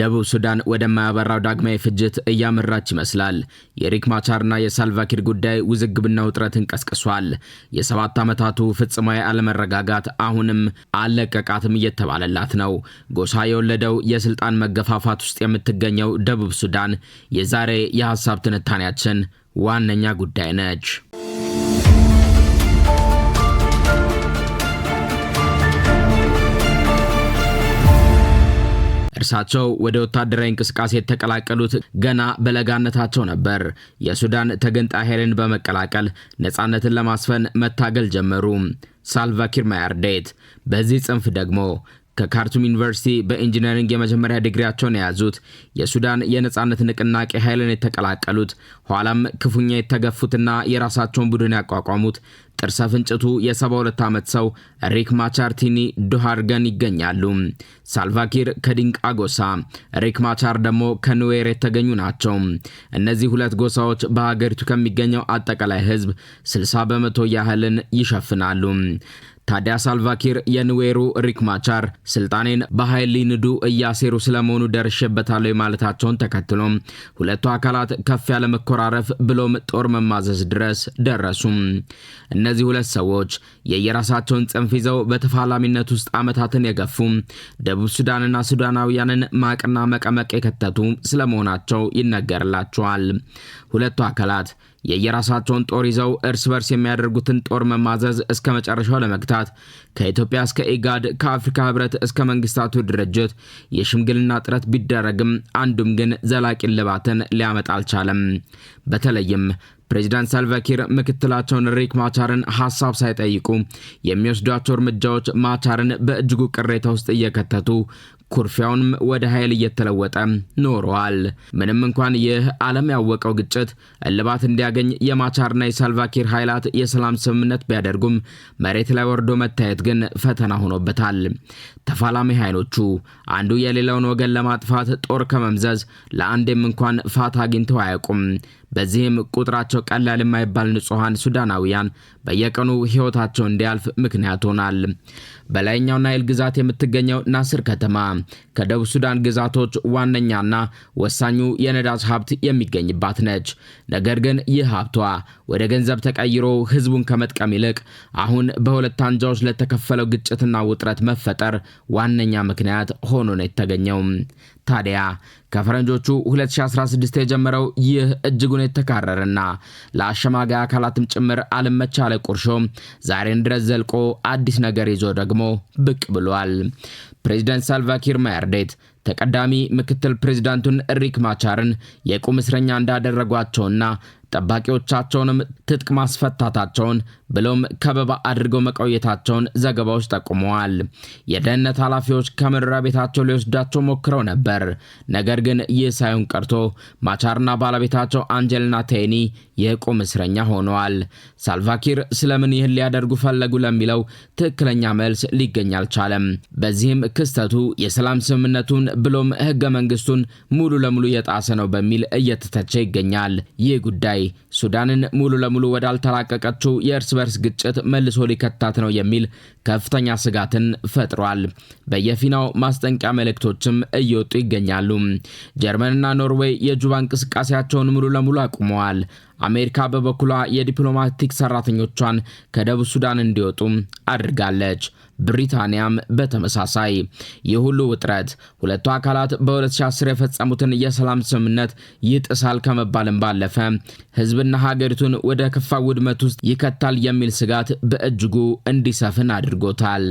ደቡብ ሱዳን ወደማያበራው ዳግማዊ ፍጅት እያመራች ይመስላል። የሪክ ማቻርና የሳልቫኪር ጉዳይ ውዝግብና ውጥረትን ቀስቅሷል። የሰባት ዓመታቱ ፍጽማዊ አለመረጋጋት አሁንም አለቀቃትም እየተባለላት ነው። ጎሳ የወለደው የስልጣን መገፋፋት ውስጥ የምትገኘው ደቡብ ሱዳን የዛሬ የሐሳብ ትንታኔያችን ዋነኛ ጉዳይ ነች። እርሳቸው ወደ ወታደራዊ እንቅስቃሴ የተቀላቀሉት ገና በለጋነታቸው ነበር። የሱዳን ተገንጣይ ኃይልን በመቀላቀል ነፃነትን ለማስፈን መታገል ጀመሩ። ሳልቫኪር ማያርዴት በዚህ ጽንፍ ደግሞ ከካርቱም ዩኒቨርሲቲ በኢንጂነሪንግ የመጀመሪያ ዲግሪያቸውን የያዙት የሱዳን የነፃነት ንቅናቄ ኃይልን የተቀላቀሉት ኋላም ክፉኛ የተገፉትና የራሳቸውን ቡድን ያቋቋሙት ጥርሰ ፍንጭቱ የ72 ዓመት ሰው ሪክ ማቻርቲኒ ዱሃርገን ይገኛሉ። ሳልቫኪር ከዲንቃ ጎሳ፣ ሪክ ማቻር ደግሞ ከኑዌር የተገኙ ናቸው። እነዚህ ሁለት ጎሳዎች በሀገሪቱ ከሚገኘው አጠቃላይ ህዝብ 60 በመቶ ያህልን ይሸፍናሉ። ታዲያ ሳልቫኪር የኑዌሩ ሪክ ማቻር ስልጣኔን በኃይል ሊንዱ እያሴሩ ስለመሆኑ ደርሼበታለሁ ማለታቸውን ተከትሎም ሁለቱ አካላት ከፍ ያለ መኮራረፍ ብሎም ጦር መማዘዝ ድረስ ደረሱም። እነዚህ ሁለት ሰዎች የየራሳቸውን ጽንፍ ይዘው በተፋላሚነት ውስጥ ዓመታትን የገፉ ደቡብ ሱዳንና ሱዳናውያንን ማቅና መቀመቅ የከተቱ ስለመሆናቸው ይነገርላቸዋል። ሁለቱ አካላት የየራሳቸውን ጦር ይዘው እርስ በርስ የሚያደርጉትን ጦር መማዘዝ እስከ መጨረሻው ለመግታት ከኢትዮጵያ እስከ ኢጋድ ከአፍሪካ ህብረት እስከ መንግስታቱ ድርጅት የሽምግልና ጥረት ቢደረግም አንዱም ግን ዘላቂ ልባትን ሊያመጣ አልቻለም። በተለይም ፕሬዚዳንት ሳልቫኪር ምክትላቸውን ሪክ ማቻርን ሀሳብ ሳይጠይቁ የሚወስዷቸው እርምጃዎች ማቻርን በእጅጉ ቅሬታ ውስጥ እየከተቱ ኩርፊያውንም ወደ ኃይል እየተለወጠ ኖረዋል። ምንም እንኳን ይህ ዓለም ያወቀው ግጭት እልባት እንዲያገኝ የማቻርና የሳልቫኪር ኃይላት የሰላም ስምምነት ቢያደርጉም መሬት ላይ ወርዶ መታየት ግን ፈተና ሆኖበታል። ተፋላሚ ኃይሎቹ አንዱ የሌላውን ወገን ለማጥፋት ጦር ከመምዘዝ ለአንዴም እንኳን ፋታ አግኝተው አያውቁም። በዚህም ቁጥራቸው ቀላል የማይባል ንጹሐን ሱዳናውያን በየቀኑ ሕይወታቸው እንዲያልፍ ምክንያት ሆናል። በላይኛው ናይል ግዛት የምትገኘው ናስር ከተማ ከደቡብ ሱዳን ግዛቶች ዋነኛና ወሳኙ የነዳጅ ሀብት የሚገኝባት ነች። ነገር ግን ይህ ሀብቷ ወደ ገንዘብ ተቀይሮ ህዝቡን ከመጥቀም ይልቅ አሁን በሁለት አንጃዎች ለተከፈለው ግጭትና ውጥረት መፈጠር ዋነኛ ምክንያት ሆኖ ነው የተገኘው። ታዲያ ከፈረንጆቹ 2016 የጀመረው ይህ እጅጉን የተካረረና ለአሸማጋይ አካላትም ጭምር አልመቻለ ቁርሾ ዛሬን ድረስ ዘልቆ አዲስ ነገር ይዞ ደግሞ ደግሞ ብቅ ብሏል። ፕሬዚደንት ሳልቫኪር ማያርዴት ተቀዳሚ ምክትል ፕሬዚዳንቱን ሪክ ማቻርን የቁም እስረኛ እንዳደረጓቸውና ጠባቂዎቻቸውንም ትጥቅ ማስፈታታቸውን ብሎም ከበባ አድርገው መቆየታቸውን ዘገባዎች ጠቁመዋል። የደህንነት ኃላፊዎች ከመኖሪያ ቤታቸው ሊወስዳቸው ሞክረው ነበር። ነገር ግን ይህ ሳይሆን ቀርቶ ማቻርና ባለቤታቸው አንጀልና ቴኒ የቁም እስረኛ ሆነዋል። ሳልቫኪር ስለምን ይህን ሊያደርጉ ፈለጉ ለሚለው ትክክለኛ መልስ ሊገኝ አልቻለም። በዚህም ክስተቱ የሰላም ስምምነቱን ብሎም ህገ መንግስቱን ሙሉ ለሙሉ የጣሰ ነው በሚል እየተተቸ ይገኛል። ይህ ጉዳይ ጉባኤ ሱዳንን ሙሉ ለሙሉ ወዳልተላቀቀችው የእርስ በርስ ግጭት መልሶ ሊከታት ነው የሚል ከፍተኛ ስጋትን ፈጥሯል። በየፊናው ማስጠንቂያ መልእክቶችም እየወጡ ይገኛሉ። ጀርመንና ኖርዌይ የጁባ እንቅስቃሴያቸውን ሙሉ ለሙሉ አቁመዋል። አሜሪካ በበኩሏ የዲፕሎማቲክ ሰራተኞቿን ከደቡብ ሱዳን እንዲወጡ አድርጋለች። ብሪታንያም በተመሳሳይ። ይህ ሁሉ ውጥረት ሁለቱ አካላት በ2010 የፈጸሙትን የሰላም ስምምነት ይጥሳል ከመባልም ባለፈ ሕዝብና ሀገሪቱን ወደ ከፋ ውድመት ውስጥ ይከታል የሚል ስጋት በእጅጉ እንዲሰፍን አድርጎታል።